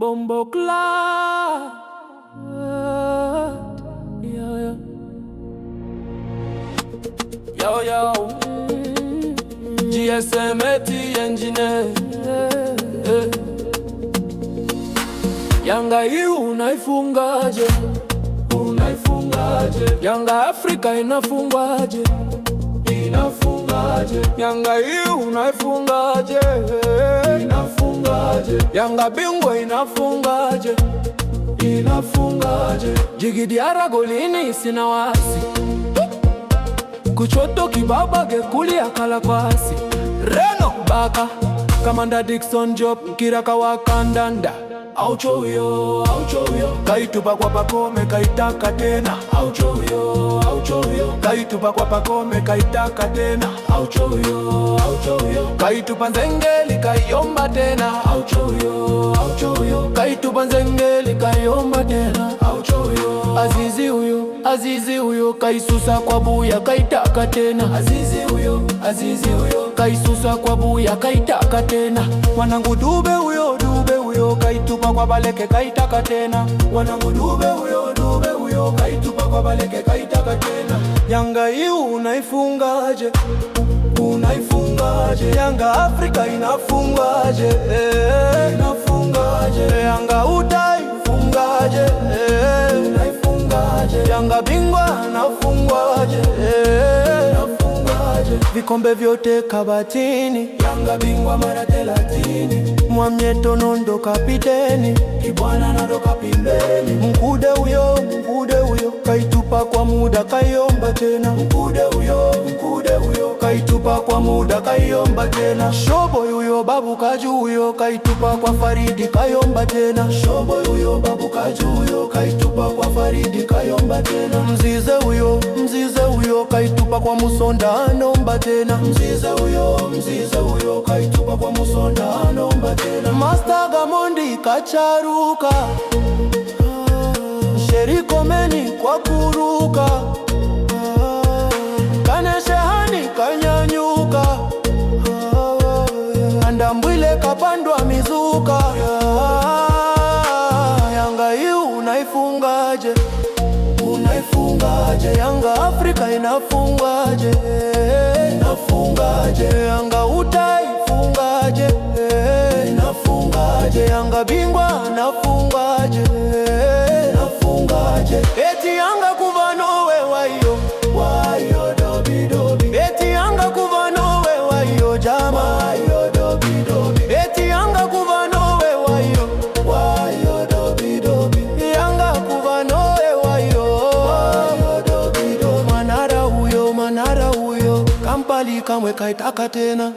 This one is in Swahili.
Bombo Club. Yo, yo. Yo, yo. GSM engineer. Eh. Yanga hii unaifungaje? Unaifungaje? Yanga Afrika inafungwaje? Inafungaje? Yanga hii unaifungaje? Inafungaje? inafungaje? Yanga bingwa inafungaje? Inafungaje? Jigidiara golini sina wasi, kuchoto kibaba gekuli akala kwasi, Reno Baka Kamanda Dickson Job kiraka wa kandanda auchovyo auchovyo kaitupa kwa pakome kaitaka tena Aucho auchovyo auchovyo kaitupa kwa pakome kaitaka tena Aucho aucho auchovyo Kaitupa nzengeli kaiomba tena, auchoyo oh, auchoyo, oh, kaitupa nzengeli kaiomba tena, auchoyo. Oh, azizi huyo Azizi huyo kaisusa kwa buya kaitaka tena, Azizi huyo Azizi huyo kaisusa kwa buya kaitaka tena, wanangu dube huyo dube huyo kaitupa kwa baleke kaitaka tena, wanangu dube huyo dube huyo kaitupa kwa baleke kaitaka tena. Yanga hii unaifungaje? Unaifungaje Yanga? Afrika inafungaje? Eh, inafungaje Yanga? Utaifungaje? Eh, unaifungaje Yanga? Bingwa nafungwaje? Eh, nafungwaje vikombe vyote kabatini, Yanga bingwa mara thelathini. Mwamieto nondo kapiteni, Kibwana nado kapimbeni, Mkude huyo mkude huyo kaitupa kwa muda, kaiomba tena, mkude huyo kaitupa kwa muda kaiomba tena. Shobo huyo babu kajuyo kaitupa kwa Faridi kaiomba tena. Shobo huyo babu kajuyo kaitupa kwa Faridi kaiomba tena. Mzize huyo mzize huyo kaitupa kwa Musonda anomba tena. Mzize huyo mzize huyo kaitupa kwa Musonda anomba tena. Master Gamondi kacharuka ah, Sherikomeni kwa kuruka Nafungaje Yanga Afrika inafungaje? Nafungaje Yanga utaifungaje? Nafungaje Yanga bingwa na Kubali kamwe tena